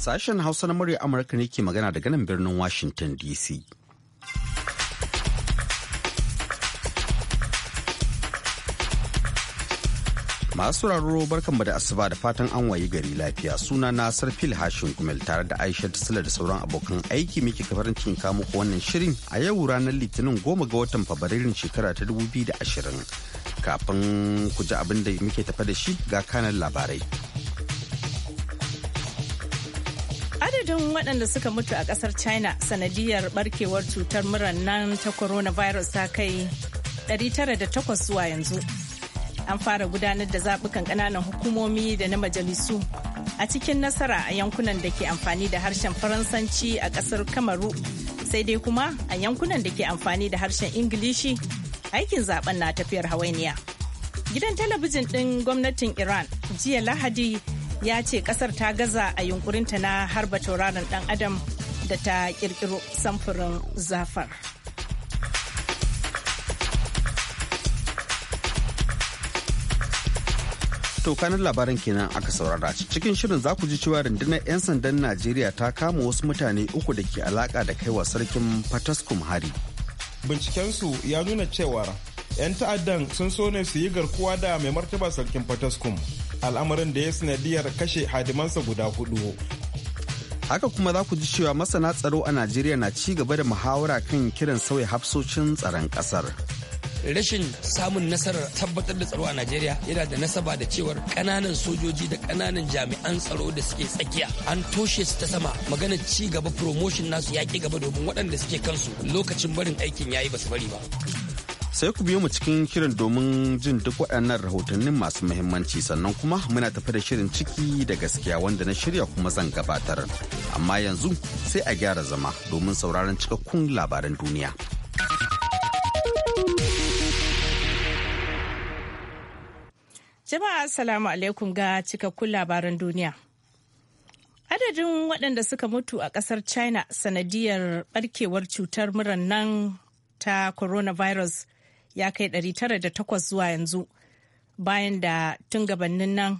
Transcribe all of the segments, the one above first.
Sashen Hausa na murya Amurka ne ke magana daga nan birnin Washington DC. Masu raro barkanmu da asuba da fatan an wayi gari lafiya suna na Sarfil Hashin Kumel tare da Aisha Sula da sauran abokan aiki miki kafarin cikin ko wannan shirin a yau ranar Litinin goma ga watan Fabrairun shekara ta dubu 2020. Kafin ku ji abin da muke tafa da shi ga kanan labarai. adadin waɗanda suka mutu a ƙasar china sanadiyar barkewar cutar murar nan ta coronavirus ta kai 908 zuwa yanzu an fara gudanar da zaɓukan ƙananan hukumomi da na majalisu a cikin nasara a yankunan da ke amfani da harshen faransanci a ƙasar kamaru sai dai kuma a yankunan da ke amfani da harshen ingilishi aikin zaben na tafiyar hawainiya gidan talabijin ɗin gwamnatin iran jiya lahadi ya ce kasar ta gaza a yunkurinta na harba tauraron dan adam da ta kirkiro samfurin zafar. To labaran kenan aka saurara cikin shirin za ku ji cewa rundunar 'yan sandan Najeriya ta kama wasu mutane uku da ke alaka da kaiwa sarkin Fataskum hari. Bincikensu ya nuna cewa 'yan ta'addan sun so ne su yi garkuwa da mai martaba sarkin Fataskum. al'amarin da ya sanadiyar kashe hadimansa guda hudu haka kuma za ku ji cewa masana tsaro a najeriya na ci gaba da muhawara kan kiran sauya hafsocin tsaron kasar rashin samun nasarar tabbatar da tsaro a najeriya yana da nasaba da cewar kananan sojoji da kananan jami'an tsaro da suke tsakiya an toshe su ta sama magana ci gaba promotion nasu yaƙi gaba domin waɗanda suke kansu lokacin barin aikin yayi basu bari ba sai ku biyo mu cikin shirin domin jin duk waɗannan rahotannin masu muhimmanci sannan kuma muna tafi da shirin ciki da gaskiya wanda na shirya kuma zan gabatar amma yanzu sai a gyara zama domin sauraron cikakkun labaran duniya jama'a assalamu alaikum ga cikakkun labaran duniya adadin waɗanda suka mutu a ƙasar china sanadiyar barkewar cutar murar nan ta coronavirus ya kai 908 zuwa yanzu bayan da tun gabanin nan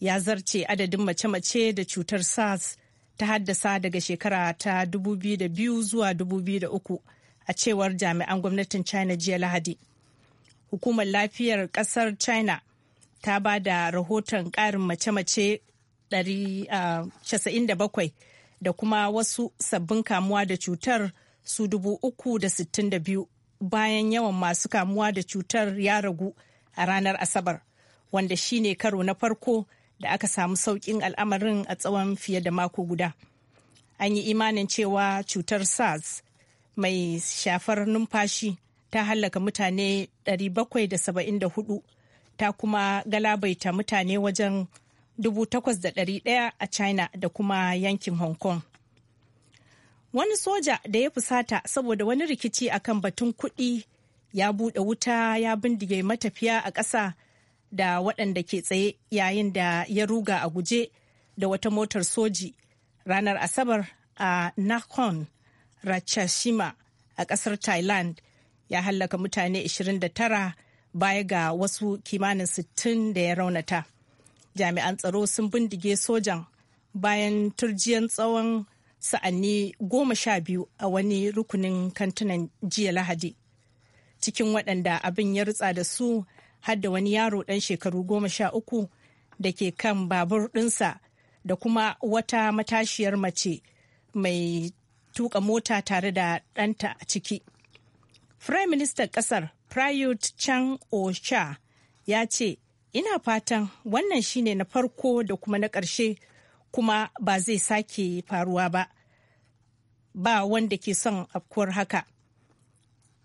ya zarce adadin mace-mace da cutar sars ta haddasa daga shekara ta 2002 zuwa 2003 a cewar jami'an gwamnatin china jiya lahadi hukumar lafiyar kasar china ta ba da rahoton karin mace-mace 97 da kuma wasu sabbin kamuwa da cutar su 362 bayan yawan masu kamuwa da cutar ya ragu a ranar Asabar, wanda shine karo na farko da aka samu sauƙin al'amarin a tsawon fiye da mako guda. An yi imanin cewa cutar SARS mai shafar numfashi ta hallaka mutane 774 ta kuma galabaita mutane wajen 8,100 a China da kuma yankin Hong Kong. wani soja da ya fusata saboda wani rikici akan batun kuɗi ya buɗe wuta ya bindige matafiya a ƙasa da waɗanda ke tsaye yayin da ya ruga a guje da wata motar soji ranar asabar a nakon rachashima a ƙasar thailand ya hallaka mutane 29 baya ga wasu kimanin 60 da ya raunata jami'an tsaro sun bindige sojan bayan turjiyan tsawon sa'anni goma sha biyu a wani rukunin kantunan jiya lahadi cikin waɗanda abin ya rutsa da su har da wani yaro ɗan shekaru goma sha uku da ke kan babur ɗinsa da kuma wata matashiyar mace mai tuka mota tare da ɗanta a ciki. Prime Minister ƙasar Prayut Chan Osha ya ce, "Ina fatan wannan shine na farko da kuma na ƙarshe kuma ba zai sake faruwa ba ba wanda ke son afkuwar haka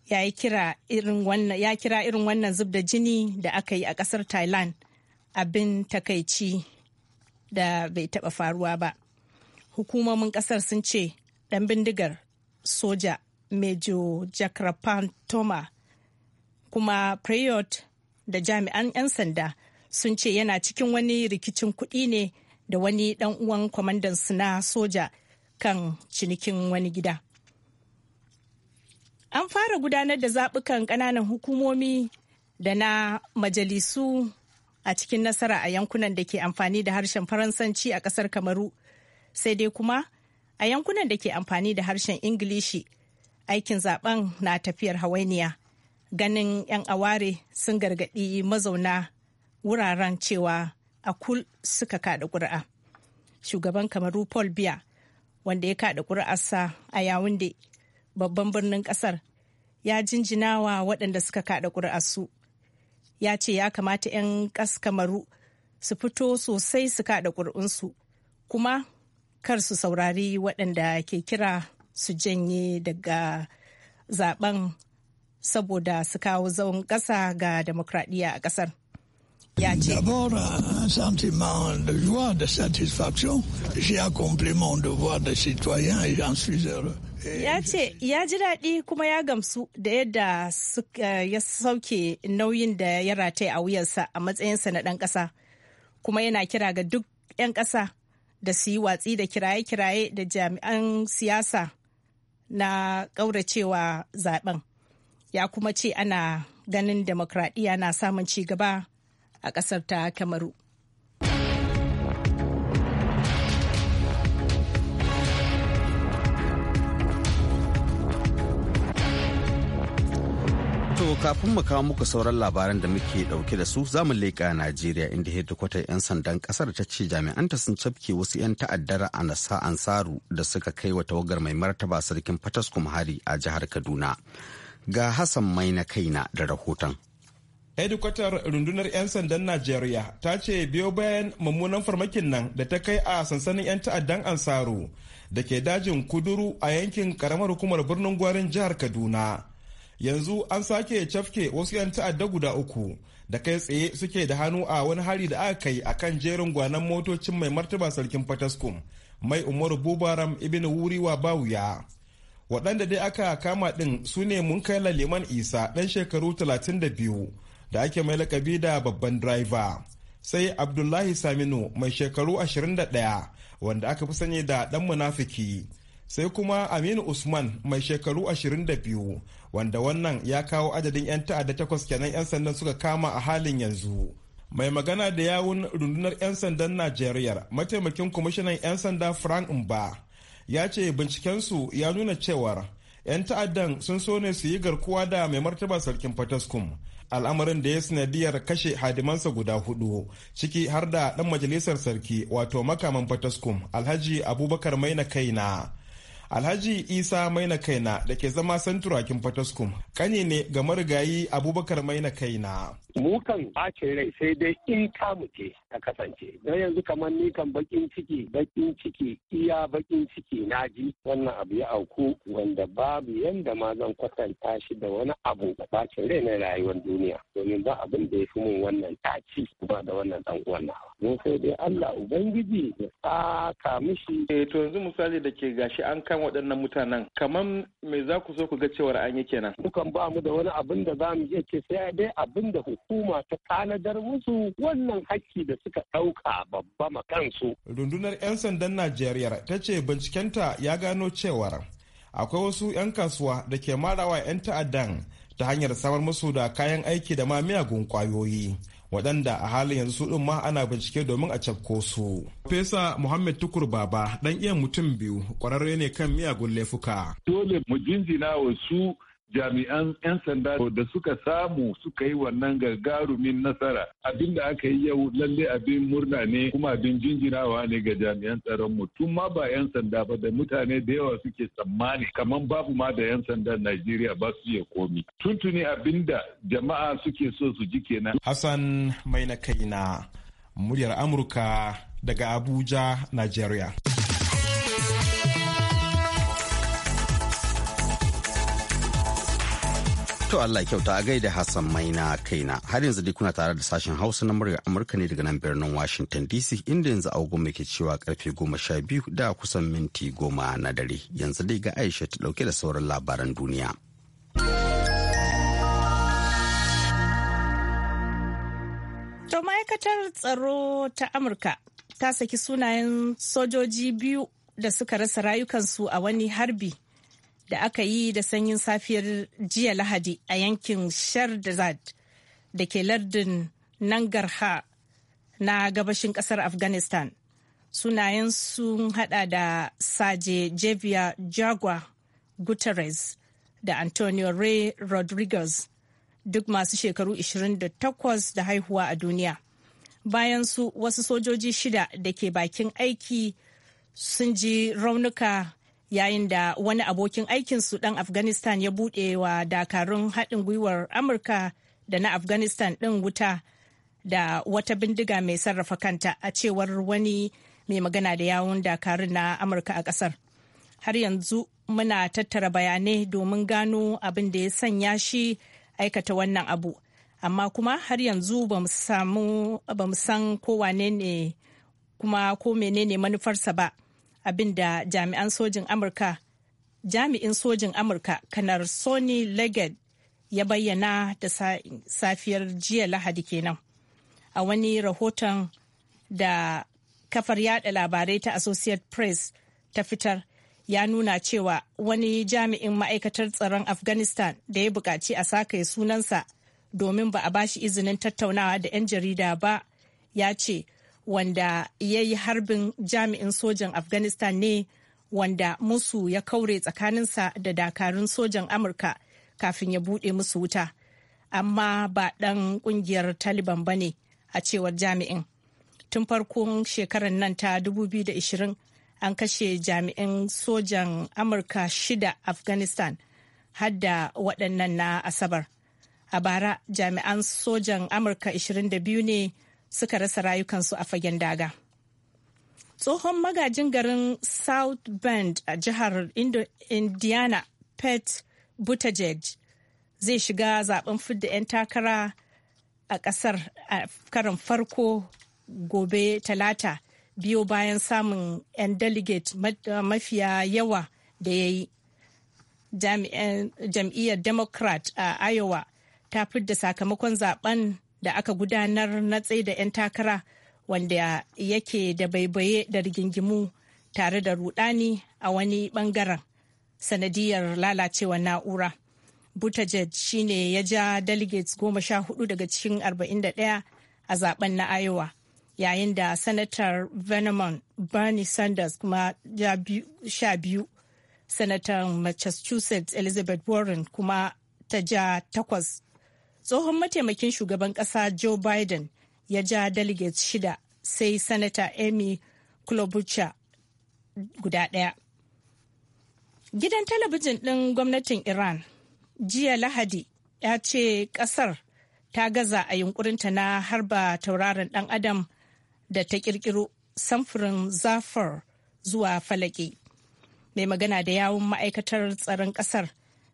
ya kira irin wannan, zub da jini da aka yi a kasar thailand abin takaici da bai taba faruwa ba hukumomin kasar sun ce dan bindigar soja mejo jakrapan toma kuma prayot da jami'an 'yan sanda sun ce yana cikin wani rikicin kudi ne da wani dan uwan kwamandan na soja kan cinikin wani gida. An fara gudanar da zaɓukan ƙananan hukumomi da na majalisu a cikin nasara a yankunan da ke amfani da harshen Faransanci a ƙasar Kamaru, sai dai kuma a yankunan da ke amfani da harshen Ingilishi aikin zaɓen na tafiyar hawainiya. Ganin 'yan aware sun gargaɗi mazauna wuraren cewa a kul suka kaɗa ƙuri'a. Shugaban Kamaru Paul Biya wanda ya kaɗa ƙuri'arsa a yawunde babban birnin ƙasar ya jinjina wa waɗanda suka kaɗa ƙuri'arsu ya ce ya kamata 'yan ƙas kamaru su fito sosai su kaɗa ƙuri'unsu kuma kar su saurari waɗanda ke kira su janye daga zaben saboda su kawo zaun ƙasa ga demokradiyya a ƙasar ya ce d'abord un sentiment de joie de satisfaction j'ai accompli mon devoir de citoyen et j'en suis heureux ya ce ya ji daɗi kuma ya gamsu da yadda ya sauke nauyin da ya rataye a wuyarsa a matsayinsa na ɗan ƙasa kuma yana kira ga duk 'yan ƙasa da su yi watsi da kiraye-kiraye da jami'an siyasa na ƙauracewa zaɓen ya kuma ce ana ganin demokradiyya na samun ci gaba a ƙasar ta kamaru. To kafin mu kawo muku sauran labaran da muke dauke da su zamu leƙa Najeriya inda hedikwatar 'yan sandan kasar ta ce jami'anta sun cafke wasu 'yan ta'addara a nasa ansaru da suka kai wa tawagar mai martaba sarkin Fataskum hari a jihar Kaduna. Ga Hassan maina kaina da rahoton. hedikwatar rundunar 'yan sandan najeriya ta ce biyo bayan mummunan farmakin nan da ta kai a sansanin 'yan ta'addan ansaru da ke dajin kuduru a yankin karamar hukumar birnin gwarin jihar kaduna yanzu an sake cafke wasu 'yan ta'adda guda uku da kai tsaye suke da hannu a wani hari da aka kai a kan jerin gwanan motocin mai martaba sarkin fataskum mai umaru bubaram ibn wuri bawuya waɗanda dai aka kama ɗin su ne mun kai liman isa ɗan shekaru 32 da ake mai lakabi da babban driver sai abdullahi saminu mai shekaru 21 wanda aka fi sani da dan munafiki sai kuma aminu usman mai shekaru 22 wanda wannan ya kawo adadin 'yan ta'adda takwas kenan 'yan sandan suka kama a halin yanzu mai magana da yawun rundunar 'yan sandan najeriya mataimakin kwamishinan 'yan sanda frank mba ya ce bincikensu ya nuna cewar 'yan ta'addan sun so ne su yi garkuwa da mai martaba sarkin fataskum al'amarin da ya sanadiyar kashe hadimansa guda hudu ciki har da ɗan majalisar sarki wato makaman fataskum alhaji abubakar maina kaina alhaji isa maina kaina da ke zama santurakin fataskum kane ne ga marigayi abubakar maina kaina mu kan rai sai dai in ta muke ta kasance don yanzu kamar ni kan bakin ciki bakin ciki iya bakin ciki na ji wannan abu ya auku wanda babu yanda ma zan kwatanta shi da wani abu da rai na rayuwar duniya domin ba abin da ya fi mun wannan taci ba da wannan dan uwan nawa mu sai dai Allah ubangiji ya saka mishi eh to yanzu misali da ke gashi an kan kan waɗannan mutanen kamar me za ku so ku ga cewar an yi kenan. Dukan ba mu da wani abin da za mu iya ce sai dai abin da hukuma ta tanadar musu wannan hakki da suka ɗauka babba ma kansu. Rundunar 'yan sandan Najeriya ta ce bincikenta ya gano cewar akwai wasu 'yan kasuwa da ke marawa 'yan ta'addan ta hanyar samar musu da kayan aiki da ma miyagun kwayoyi. waɗanda a halin yanzu su ɗin ma ana bincike domin a cafko su. Fesa Muhammad Tukur Baba ɗan iya mutum biyu ƙwararre ne kan miyagun laifuka. Dole mu jinjina wa su jami'an 'yan sanda da suka samu suka yi wannan gagarumin nasara abin da aka yi yau lalle abin murna ne kuma abin jinjinawa ne ga jami'an tsaron mu tun ma ba 'yan sanda ba da mutane da yawa suke tsammani kamar babu ma da 'yan sandan Najeriya ba su iya komi tuntuni abin da jama'a suke so su ji kenan Hassan mai na kai na muryar Amurka daga Abuja Najeriya. To Allah kyauta a gaida Hassan Maina kaina. Har yanzu dai kuna tare da sashen Hausa na murya Amurka ne daga nan birnin Washington DC inda yanzu agogon mai ke cewa karfe goma sha biyu da kusan minti goma na dare. Yanzu dai ga Aisha ta dauke da sauran labaran duniya. To ma'aikatar tsaro ta Amurka ta saki sunayen sojoji biyu da suka rasa rayukansu a wani harbi da aka yi da sanyin safiyar jiya lahadi a yankin shardazad da ke lardin nangarha na gabashin kasar afghanistan sunayen sun hada da saje javier jagua guterres da antonio ray rodriguez duk masu shekaru 28 da haihuwa a duniya bayan su wasu sojoji shida da ke bakin aiki sun ji raunuka yayin da wani abokin aikinsu dan afghanistan ya bude wa dakarun haɗin gwiwar amurka da na afghanistan ɗin wuta da wata bindiga mai sarrafa kanta a cewar wani mai magana da yawun dakarun na amurka a ƙasar har yanzu muna tattara bayanai domin gano abin da ya sanya shi aikata wannan abu amma kuma har yanzu ba mu san kowane ne kuma ko menene manufarsa ba da jami'an sojin amurka jami'in sojin amurka kanar sony leggett ya bayyana da safiyar jiya lahadi kenan a wani rahoton da kafar yada labarai ta associate press ta fitar ya nuna cewa wani jami'in ma'aikatar tsaron afghanistan da ya buƙaci a sakaye sunansa domin ba a bashi izinin tattaunawa da 'yan jarida ba ya ce wanda ya yi harbin jami'in sojan afghanistan ne wanda musu ya kaure tsakaninsa da dakarun sojan amurka kafin ya bude musu wuta amma ba dan kungiyar taliban ba ne a cewar jami'in tun farkon shekarar nan ta 2020 an kashe jami'in sojan amurka shida afghanistan hadda waɗannan na asabar a bara jami'an sojan amurka 22 ne suka rasa rayukansu a fagen daga. Tsohon magajin garin South Bend a jihar Indiana, Pet Buttigieg zai shiga zaben fidda 'yan takara a ƙasar a karan farko gobe talata biyo bayan samun 'yan delegate mafiya yawa da ya yi. Jam'iyyar Democrat a Iowa ta fidda sakamakon zaben da aka gudanar na da 'yan takara wanda yake da baibaye da rigingimu tare da rudani a wani bangaren sanadiyar lalacewa na'ura. Buttigieg shine ya ja delegates goma sha hudu daga cikin arba'in da 41 a zaben na Iowa, yayin da Sanatar Venomon Bernie Sanders kuma sha biyu, Sanatar Massachusetts Elizabeth Warren kuma ta ja takwas tsohon mataimakin shugaban ƙasa joe biden ya ja delegates shida sai sanata amy klobuchar guda ɗaya gidan talabijin ɗin gwamnatin iran jiya lahadi ya ce ƙasar ta gaza a yunkurinta na harba tauraron ɗan adam da ta ƙirƙiro samfurin zafar zuwa falaki mai magana da yawun ma'aikatar tsaron ƙasar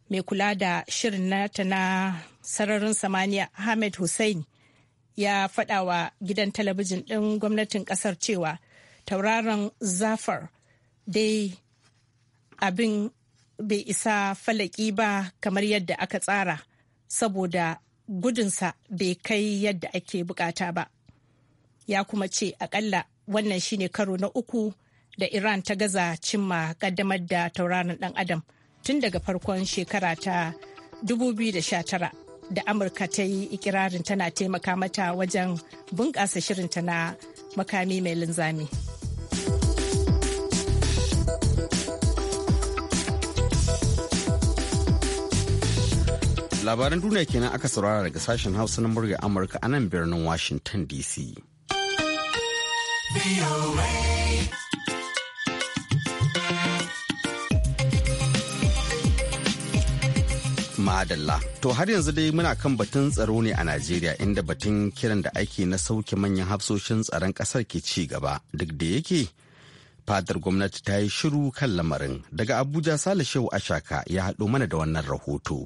mai kula da shirin nata na sararin samaniya Ahmed Hussein ya faɗa wa gidan talabijin ɗin gwamnatin ƙasar cewa tauraron zafar dai abin bai isa falaki ba kamar yadda aka tsara saboda gudunsa bai kai yadda ake bukata ba ya kuma ce akalla wannan shine karo na uku da iran ta gaza cimma kaddamar da tauraron dan adam tun daga farkon shekara ta 2019 da amurka ta yi ikirarin tana taimaka mata wajen bunƙasa shirinta na makami mai linzami labaran duniya kenan aka saurara daga sashen hausa na murya amurka a nan birnin washington dc Madalla. To har yanzu dai muna kan batun tsaro ne a Najeriya inda batun kiran da ake na sauke manyan hafsoshin tsaron ƙasar ke ci gaba duk da yake fadar gwamnati ta yi shiru kan lamarin daga Abuja Sale Ashaka ya haɗo mana da wannan rahoto.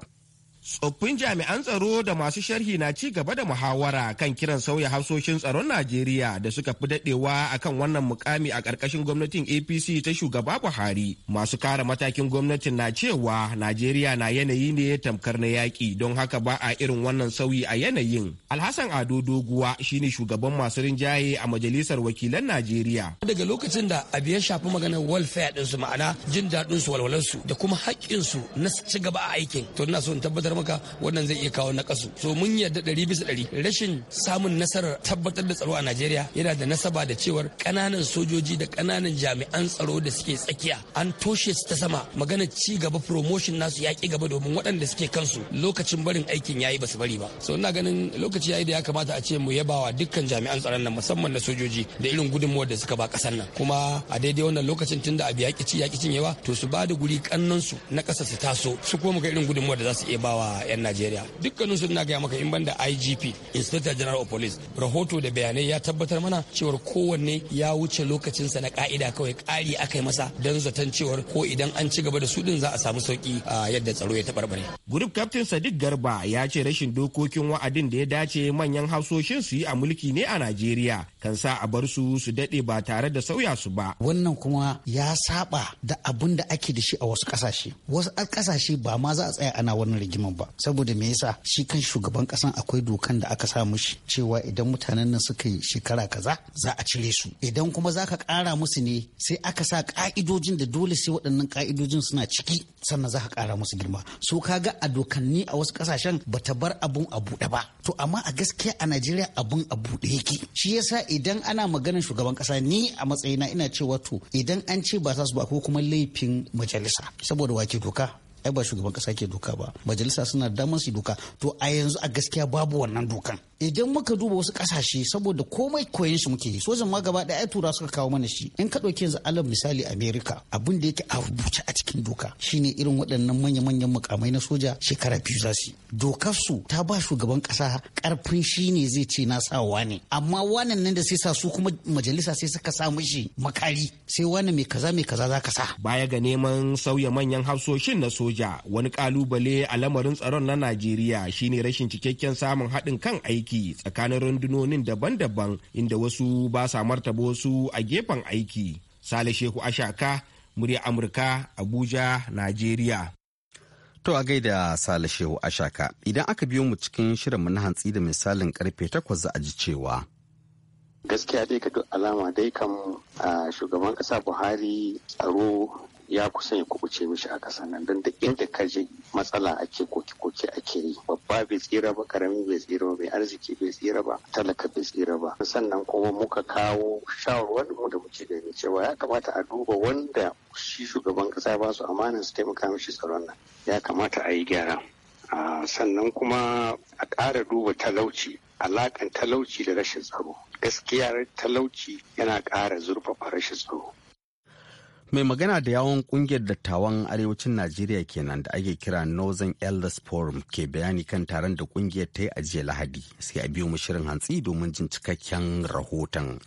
tsoffin jami'an tsaro da masu sharhi na ci gaba da muhawara kan kiran sauya hafsoshin tsaron najeriya da suka fi dadewa akan wannan mukami a ƙarƙashin gwamnatin apc ta shugaba buhari masu kara matakin gwamnatin na cewa najeriya na yanayi ne tamkar na yaƙi don haka ba a irin wannan sauyi a yanayin alhassan ado doguwa shine shugaban masu rinjaye a majalisar wakilan najeriya daga lokacin da abu ya shafi maganar welfare ɗinsu ma'ana jin daɗinsu walwalarsu da kuma haƙƙinsu na ci gaba a aikin to ina so in tabbatar tabbatar maka wannan zai iya kawo nakasu so mun yarda ɗari bisa ɗari rashin samun nasarar tabbatar da tsaro a najeriya yana da nasaba da cewar ƙananan sojoji da ƙananan jami'an tsaro da suke tsakiya an toshe su ta sama magana ci gaba promotion nasu yaƙi gaba domin waɗanda suke kansu lokacin barin aikin yayi basu bari ba so ina ganin lokaci yayi da ya kamata a ce mu yabawa dukkan jami'an tsaron nan musamman na sojoji da irin gudunmuwar da suka ba ƙasar nan kuma a daidai wannan lokacin tunda abu yaƙi ci yaƙi cinyewa to su ba da guri ƙannansu na ƙasa su taso su kuma ga irin gudunmuwar da za su iya bawa wa 'yan najeriya dukkanin su na gaya maka in banda igp inspector general of police rahoto da bayanai ya tabbatar mana cewar kowanne ya wuce lokacinsa na ka'ida kawai ƙari aka yi masa don zaton cewar ko idan an ci gaba da su din za a samu sauki a yadda tsaro ya taɓarɓare. group captain sadiq garba ya ce rashin dokokin wa'adin da ya dace manyan hasoshin su yi a mulki ne a najeriya kan sa a bar su su daɗe ba tare da sauya su ba wannan kuma ya saba da abun da ake da shi a wasu kasashe wasu kasashe ba ma za a tsaya ana wannan rigima musamman ba saboda me yasa shi kan shugaban kasan akwai dokan da aka sa mushi cewa idan mutanen nan suka yi shekara kaza za a cire su idan kuma za ka kara musu ne sai aka sa ka'idojin da dole sai waɗannan ka'idojin suna ciki sannan za ka kara musu girma so kaga a dokanni a wasu kasashen bata bar abun a buɗe ba to amma a gaskiya a Najeriya abun a buɗe yake shi yasa idan ana maganar shugaban kasa ni a matsayina ina cewa to idan an ce ba za su ba ko kuma laifin majalisa saboda wake doka ai ba shugaban kasa ke doka ba majalisa suna damar su doka to a yanzu a gaskiya babu wannan dokan idan muka duba wasu kasashe saboda komai koyon shi muke yi sojan ma gaba daya tura suka kawo mana shi in ka dauki yanzu alal misali america abin da yake a rubuce a cikin doka shine irin waɗannan manya-manyan mukamai na soja shekara biyu za su dokar su ta ba shugaban kasa karfin shi ne zai ce na sa wane amma wannan nan da sai sa su kuma majalisa sai suka sa mishi makari sai wani mai kaza mai kaza za ka sa baya ga neman sauya manyan hafsoshin na soja soja wani kalubale a lamarin tsaron na najeriya shine rashin cikakken samun haɗin kan aiki tsakanin rundunonin daban-daban inda wasu ba sa martaba wasu a gefen aiki sale shehu ashaka murya amurka abuja najeriya To a gaida Sale Shehu Ashaka, idan aka biyo mu cikin shirinmu na hantsi da misalin karfe takwas za a ji cewa. Gaskiya dai ka alama dai kan shugaban kasa Buhari tsaro ya kusa ya kubuce mishi a ƙasa nan don da inda ka je matsala ake koke-koke ake yi babba bai tsira ba karami bai tsira ba mai arziki bai tsira ba talaka bai tsira ba sannan kuma muka kawo shawarwarin mu da muke gani cewa ya kamata a duba wanda shi shugaban kasa ba su amana su taimaka mishi tsaron nan ya kamata a yi gyara sannan kuma a ƙara duba talauci alakan talauci da rashin tsaro gaskiya talauci yana ƙara zurfafa rashin tsaro mai magana da yawon kungiyar dattawan arewacin najeriya kenan da ake kira northern elders forum ke bayani kan taron da kungiyar ta yi a jiya lahadi sai a biyo mu shirin hantsi domin jin cikakken rahoton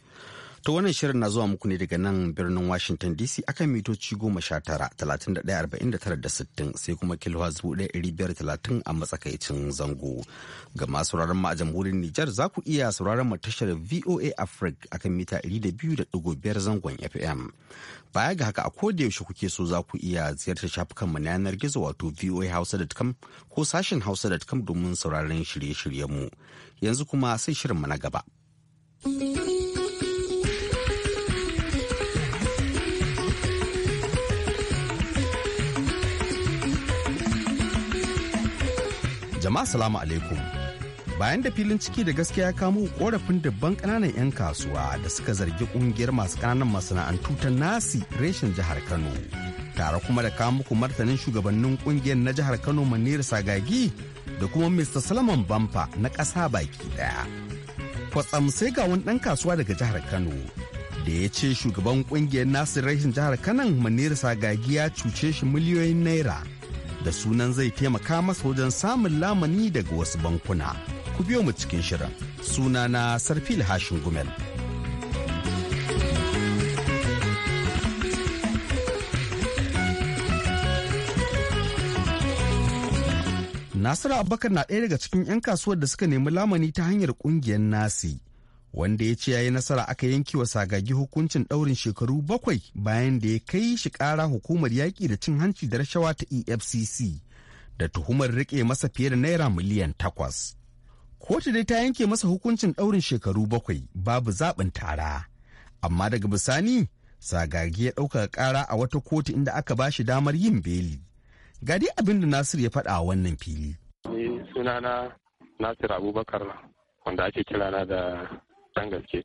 To wannan shirin na zuwa muku ne daga nan birnin Washington DC akan mitoci goma sha tara talatin da arba'in da tara da sittin sai kuma kilowa zuwa ɗaya ɗari biyar talatin a matsakaicin zango. Ga masu sauraron mu a jamhuriyar Nijar za ku iya sauraron mu tashar VOA Africa akan mita ɗari da biyu da ɗigo biyar zangon FM. Baya ga haka a koda yaushe kuke so za ku iya ziyartar shafukan mu na yanar gizo wato voahausa.com ko sashen hausa.com domin sauraron shirye-shiryen mu. Yanzu kuma sai shirin mu na gaba. Jama'a salamu alaikum. Bayan da filin ciki da gaskiya ya kamo korafin dabban kananan 'yan kasuwa da suka zargi kungiyar masu kananan masana'antu ta nasi reshen jihar Kano. Tare kuma da kawo muku martanin shugabannin kungiyar na jihar Kano Manir Sagagi da kuma Mr. Salman Bamfa na kasa baki daya. Kwatsam sai ga wani ɗan kasuwa daga jihar Kano da ya ce shugaban kungiyar nasi reshen jihar kanan Manir Sagagi ya cuce shi miliyoyin naira. da sunan zai taimaka masa wajen samun lamani daga wasu bankuna. Ku biyo mu cikin shirin suna na Sarfil Hashin Gumel. Nasiru Abubakar na ɗaya daga cikin 'yan kasuwar da suka nemi lamani ta hanyar ƙungiyar Nasi. wanda ya ce ya yi nasara aka yanke wa sagagi hukuncin ɗaurin shekaru bakwai bayan da ya kai shi ƙara hukumar yaƙi da cin hanci da rashawa ta efcc da tuhumar riƙe masa fiye da naira miliyan takwas kotu dai ta yanke masa hukuncin ɗaurin shekaru bakwai babu zaɓin tara amma daga bisani sagagi ya ɗaukaka ƙara a wata kotu inda aka ba shi damar yin beli gadi dai abin da nasir ya faɗa a wannan fili sunana nasir abubakar wanda ake kirana da dan gaske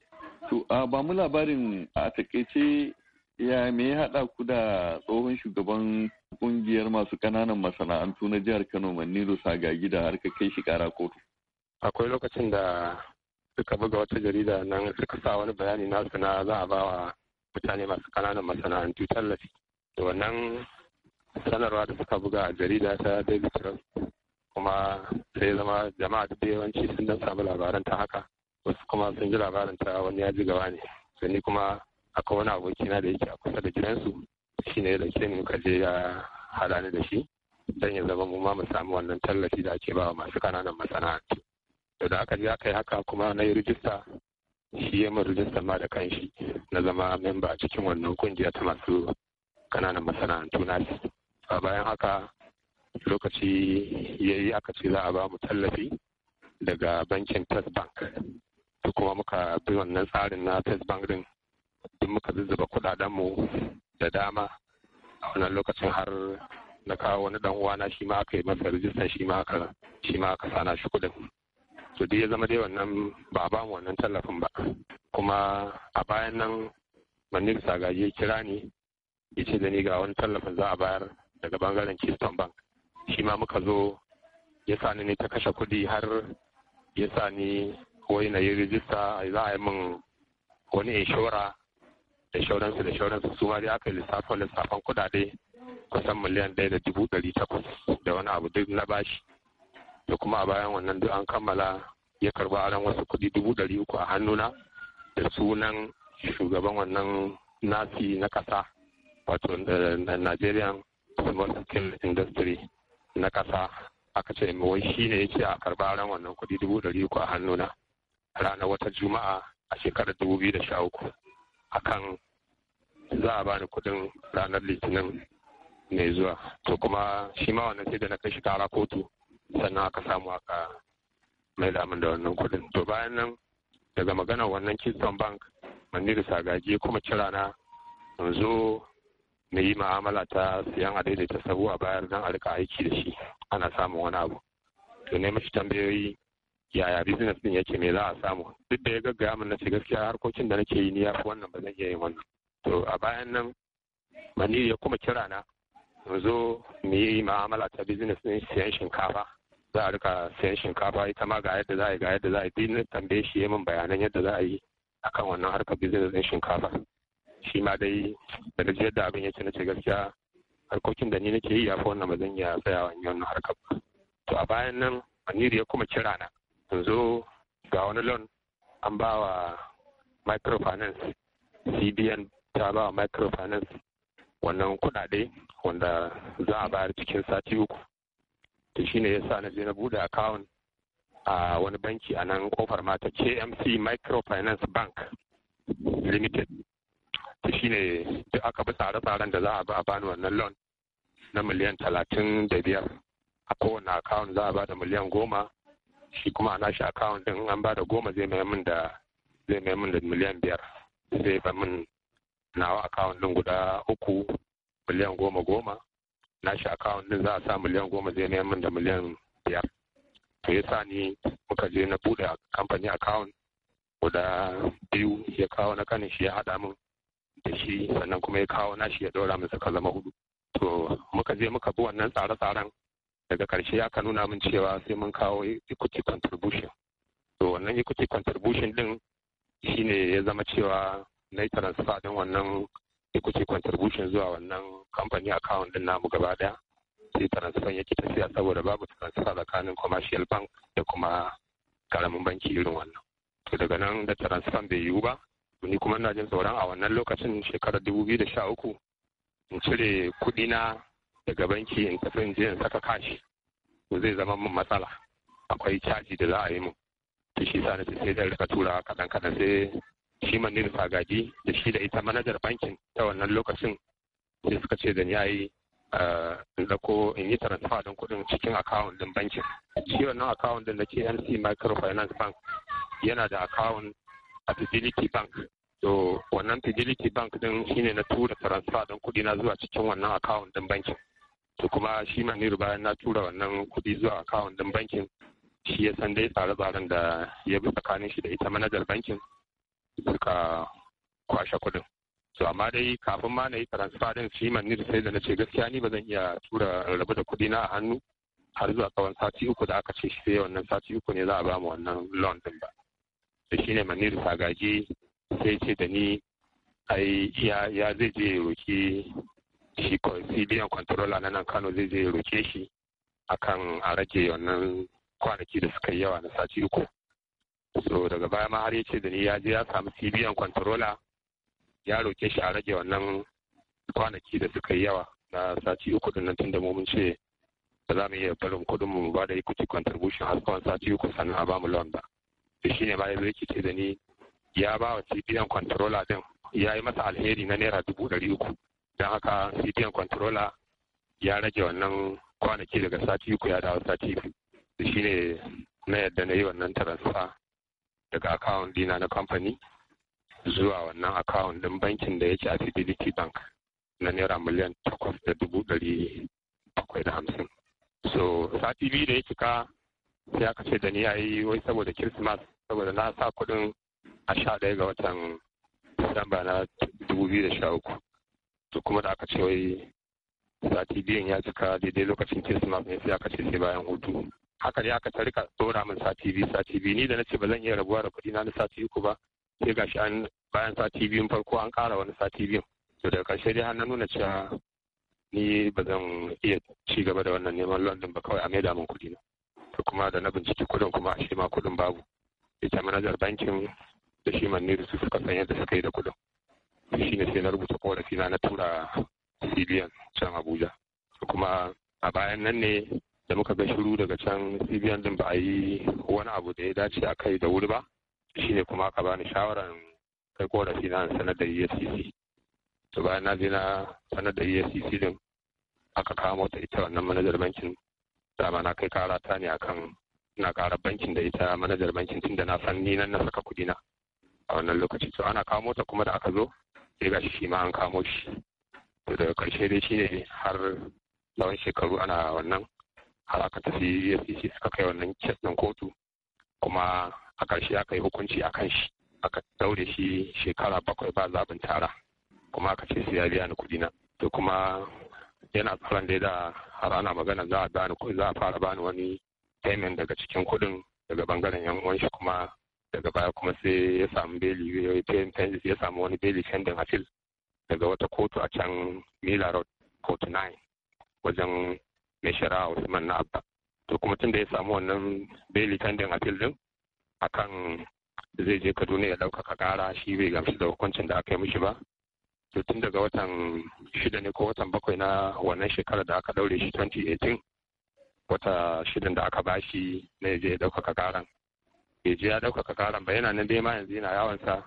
to ba mu labarin a takaice ya me ya haɗa ku da tsohon shugaban ƙungiyar masu ƙananan masana'antu na jihar Kano Maniru ga gida har ka kai shi ƙara kotu akwai lokacin da suka buga wata jarida nan suka sa wani bayani nasu na za a ba wa mutane masu kananan masana'antu tallafi da wannan sanarwa da suka buga a jarida ta daily kuma sai zama jama'a da yawanci sun dan samu labaran ta haka wasu kuma sun ji labarin ta wani ya ji gaba ne Sani kuma akwai wani abokina da yake a kusa da gidansu shi ne da dauke ka je ya hada ni da shi dan ya zama mu ma mu samu wannan tallafi da ake bawa masu kananan masana'antu to da aka je aka yi haka kuma na yi rijista shi ya min rijista ma da kanshi na zama memba a cikin wannan kungiya ta masu kananan masana'antu na a bayan haka lokaci ya yi aka ce za a ba mu tallafi daga bankin Trust Bank to kuma muka bi wannan tsarin na first bank din duk muka zuzzuba kudadenmu da dama a wannan lokacin har na kawo wani dan uwana shi ma aka yi masa rijistar shi ma aka shi ma aka sana shi kudin to duk ya zama dai wannan ba ba mu wannan tallafin ba kuma a bayan nan manir sagaji ya kira ni ya ce da ni ga wani tallafin za a bayar daga bangaren keystone bank shi ma muka zo ya sa ni ne ta kashe kudi har ya sa ni wai na yi rijista za a yi min wani inshora da shauransu da shauransu su ma dai aka lissafin lissafin kudade kusan miliyan ɗaya da dubu ɗari takwas da wani abu duk na bashi da kuma a bayan wannan duk an kammala ya karba aron wasu kuɗi dubu ɗari uku a hannuna da sunan shugaban wannan nasi na ƙasa wato eh, Nigerian Small Scale Industry na ƙasa aka ce mawai shi ne ya ce a karba aron wannan kuɗi dubu ɗari uku a hannuna. ranar wata juma'a a shekarar dubu biyu da sha uku akan za a bani kuɗin ranar litinin mai zuwa to kuma shi ma wannan sai da na kai shi kara kotu sannan aka samu aka mai damin da wannan kudin to bayan nan daga magana wannan kingston bank maniru sagaji kuma cira na yanzu na yi ma'amala ta siyan a daidaita sabuwa bayar don a aiki da shi ana samun wani abu to ne mashi tambayoyi yaya business din yake me za a samu duk da ya gaggaya min nace gaskiya harkokin da nake yi ni ya fi wannan ba zan iya yin wannan to a bayan nan mani ya kuma kira na mu zo mu yi ma'amala ta business din siyan shinkafa za a rika siyan shinkafa ita ma ga yadda za a yi ga yadda za a yi din tambaye shi yayin bayanan yadda za a yi akan wannan harkar business din shinkafa shi ma dai da gajiyar yadda abin yake nace gaskiya harkokin da ni nake yi ya fi wannan ba zan iya tsayawa in yi wannan harkar ba to a bayan nan maniri ya kuma kira na yanzu ga wani loan an ba wa microfinance cbn ta ba wa microfinance wannan kudade wanda za a bayar cikin sati uku to shine yasa na je na bude akawun a wani banki a nan kofar mata kmc microfinance bank limited to shine duk aka bi tsare-tsaren da za a ba ni bani wannan loan na miliyan talatin da biyar a kowane akawun za a ba da miliyan goma shi kuma a nashi account din an ba da goma zai mai min da zai mai min da miliyan biyar zai ba min nawa account din guda uku miliyan goma goma nashi account din za a sa miliyan goma zai mai min da miliyan biyar to ya sa ni muka je na bude kamfani account guda biyu ya kawo na kanin shi ya haɗa min da shi sannan kuma ya kawo nashi ya ɗora min suka zama hudu to muka je muka bi wannan tsare-tsaren daga karshe aka nuna min cewa sai mun kawo equity contribution to wannan equity contribution din shine ya zama cewa na yi transfer din wannan equity contribution zuwa wannan company account din namu gaba daya sai transfer yake tafiya saboda babu transfer tsakanin commercial bank da kuma karamin banki irin wannan to daga nan da transfer bai yiwu ba ni kuma na jin tsoron a wannan lokacin shekarar uku in cire kuɗi na daga banki in tafi in je in saka kashi to zai zama min matsala akwai caji da za a yi min to shi sa nace sai dan rika tura kaɗan kaɗan sai shi man ne da shi da ita manajar bankin ta wannan lokacin sai suka ce da ni yayi eh, in ko in yi transfer din kuɗin cikin akawun din bankin shi wannan akawun din ke KNC Microfinance Bank yana da akawun a Fidelity Bank to wannan Fidelity Bank din shine na tura transfer din kuɗi na zuwa cikin wannan akawun din bankin to kuma shi maniru bayan na tura wannan kuɗi zuwa akawun din bankin shi ya san dai tsare-tsaren da ya bi tsakanin shi da ita manajar bankin suka kwashe kuɗin to amma dai kafin ma na yi transfer din shi maniru sai da na ce gaskiya ni ba zan iya tura rabu da kuɗi na a hannu har zuwa tsawon sati uku da aka ce shi sai wannan sati uku ne za a ba wannan loan din ba da ma maniru sagaje sai ce da ni ai ya zai je roki shi cbn controller na nan kano zai je ya roke shi akan a rage wannan kwanaki da suka yi yawa na sati uku so daga baya ma har ya ce da ni ya je ya samu cbn controller ya roke shi a rage wannan kwanaki da suka yi yawa na sati uku din nan tun da mun ce ba za mu iya barin kudin mu ba da equity contribution har tsawon sati uku sannan a mu loan ba to shine ba ya zo yake ce da ni ya ba wa cbn controller din ya yi masa alheri na naira dubu ɗari uku don haka cdn controller ya rage wannan kwanaki daga sati uku ya dawo sati biyu da shi ne na yadda na yi wannan taransa daga akawun dina na kamfani zuwa wannan akawun din bankin da yake a fidelity bank na naira miliyan takwas da dubu ɗari bakwai da hamsin so sati biyu da ya cika sai aka ce da ni ya yi wai saboda kirsimas saboda na sa kuɗin a sha ɗaya ga watan disamba na dubu biyu da sha uku su kuma da aka ce wai sati biyun ya cika daidai lokacin kirsimas ne sai aka ce sai bayan hutu haka ne aka tarika tsora min sati biyu sati biyu ni da na ce ba zan iya rabuwa da kuɗi na na sati uku ba sai gashi an bayan sati biyun farko an ƙara wani sati biyun to daga ƙarshe dai har na nuna cewa ni ba zan iya ci gaba da wannan neman london ba kawai a maida min kuɗi na to kuma da na binciki kuɗin kuma shi ma kuɗin babu ita manajar bankin da shi ne su suka san yadda suka yi da kuɗin ne sai na rubuta korafi na na tura cbn can abuja kuma a bayan nan ne da muka ga shiru daga can cbn din ba a yi wani abu da ya dace a kai da wuri ba Shi ne kuma aka bani shawaran kai ƙorafi na sanar da efcc to bayan na je na sanar da efcc din aka kawo mota ita wannan manajar bankin dama na kai kara ta ne akan na kara bankin da ita manajar bankin tun da na san ni nan na saka kuɗi na a wannan lokaci to ana kawo mota kuma da aka zo sai ga shi ma an kamo shi da karshe dai shine har tsawon shekaru ana wannan har aka tafi efcc aka kai wannan kes ɗin kotu kuma a ƙarshe aka yi hukunci a kan shi aka daure shi shekara bakwai ba zaɓin tara kuma aka ce sai ya biya ni kuɗi na to kuma yana tsaron dai da har ana magana za a bani za a fara bani wani payment daga cikin kuɗin daga bangaren yan uwan shi kuma daga baya kuma sai ya samu beli ya samu wani beli shandin appeal daga wata kotu a can mila road court 9 wajen mai shari'a usman na abba to kuma tun da ya samu wannan beli shandin appeal din akan zai je kaduna ya ɗaukaka gara shi bai gamsu da hukuncin da aka yi mishi ba to tun daga watan shida ne ko watan bakwai na wannan shekarar da aka ɗaure shi 2018 wata shidan da aka bashi na ya je ya ɗaukaka ƙaran bai je ya ɗaukaka karan ba yana nan dai ma yanzu yana yawon sa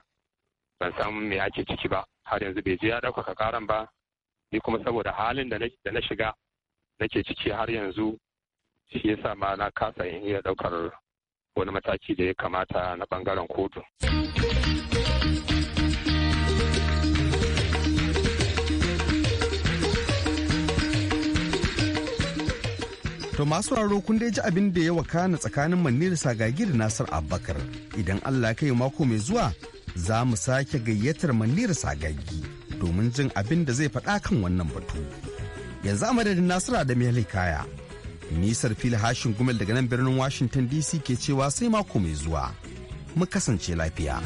ban san me ake ciki ba har yanzu bai je ya ɗaukaka karan ba ni kuma saboda halin da na shiga nake ciki har yanzu shi yasa ma na kasa in iya ɗaukar wani mataki da ya kamata na ɓangaren kotu. To masu raro kun dai ji abin da ya wakana tsakanin manni sagagi da Nasir Abubakar. Idan Allah kai mako mai zuwa za mu sake gayyatar manni sagagi domin jin abin da zai faɗa kan wannan batu. Yanzu amadadin madadin Nasira da Mele Kaya. Nisar fili hashin gumel daga nan birnin Washington DC ke cewa sai mako mai zuwa. Mu kasance lafiya.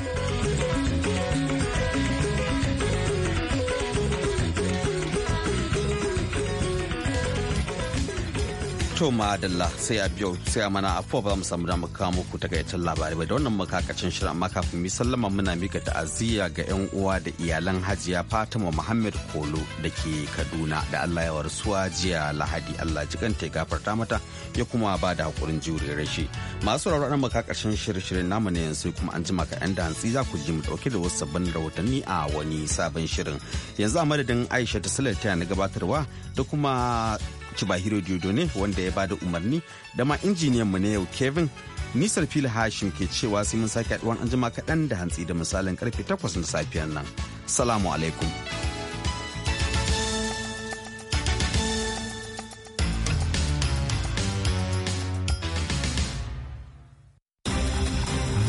to madalla sai a biyo sai a mana afuwa ba mu samu damar kawo muku takaitaccen labarai ba da wannan makakacin shirin amma kafin mu sallama muna mika ta'aziyya ga yan uwa da iyalan hajiya Fatima Muhammad Kolo da ke Kaduna da Allah ya warsuwa jiya Lahadi Allah jikan ta gafarta mata ya kuma ba da hakurin jure rashi masu rauraron makakacin shirye-shiryen namu ne yanzu kuma an jima ka yan da hantsi za ku ji mu dauke da wasu sabbin rahotanni a wani sabon shirin yanzu a madadin Aisha ta ta na gabatarwa da kuma Kibahiro ne wanda ya bada umarni da ma injiniyan mu na yau Kevin Nisar fili Hashim ke cewa sai mun sake haɗuwan an jima kaɗan da hantsi da misalin karfe 8 na safiyar nan. Salamu alaikum.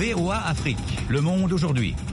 VOA Afrique. Le monde aujourd'hui.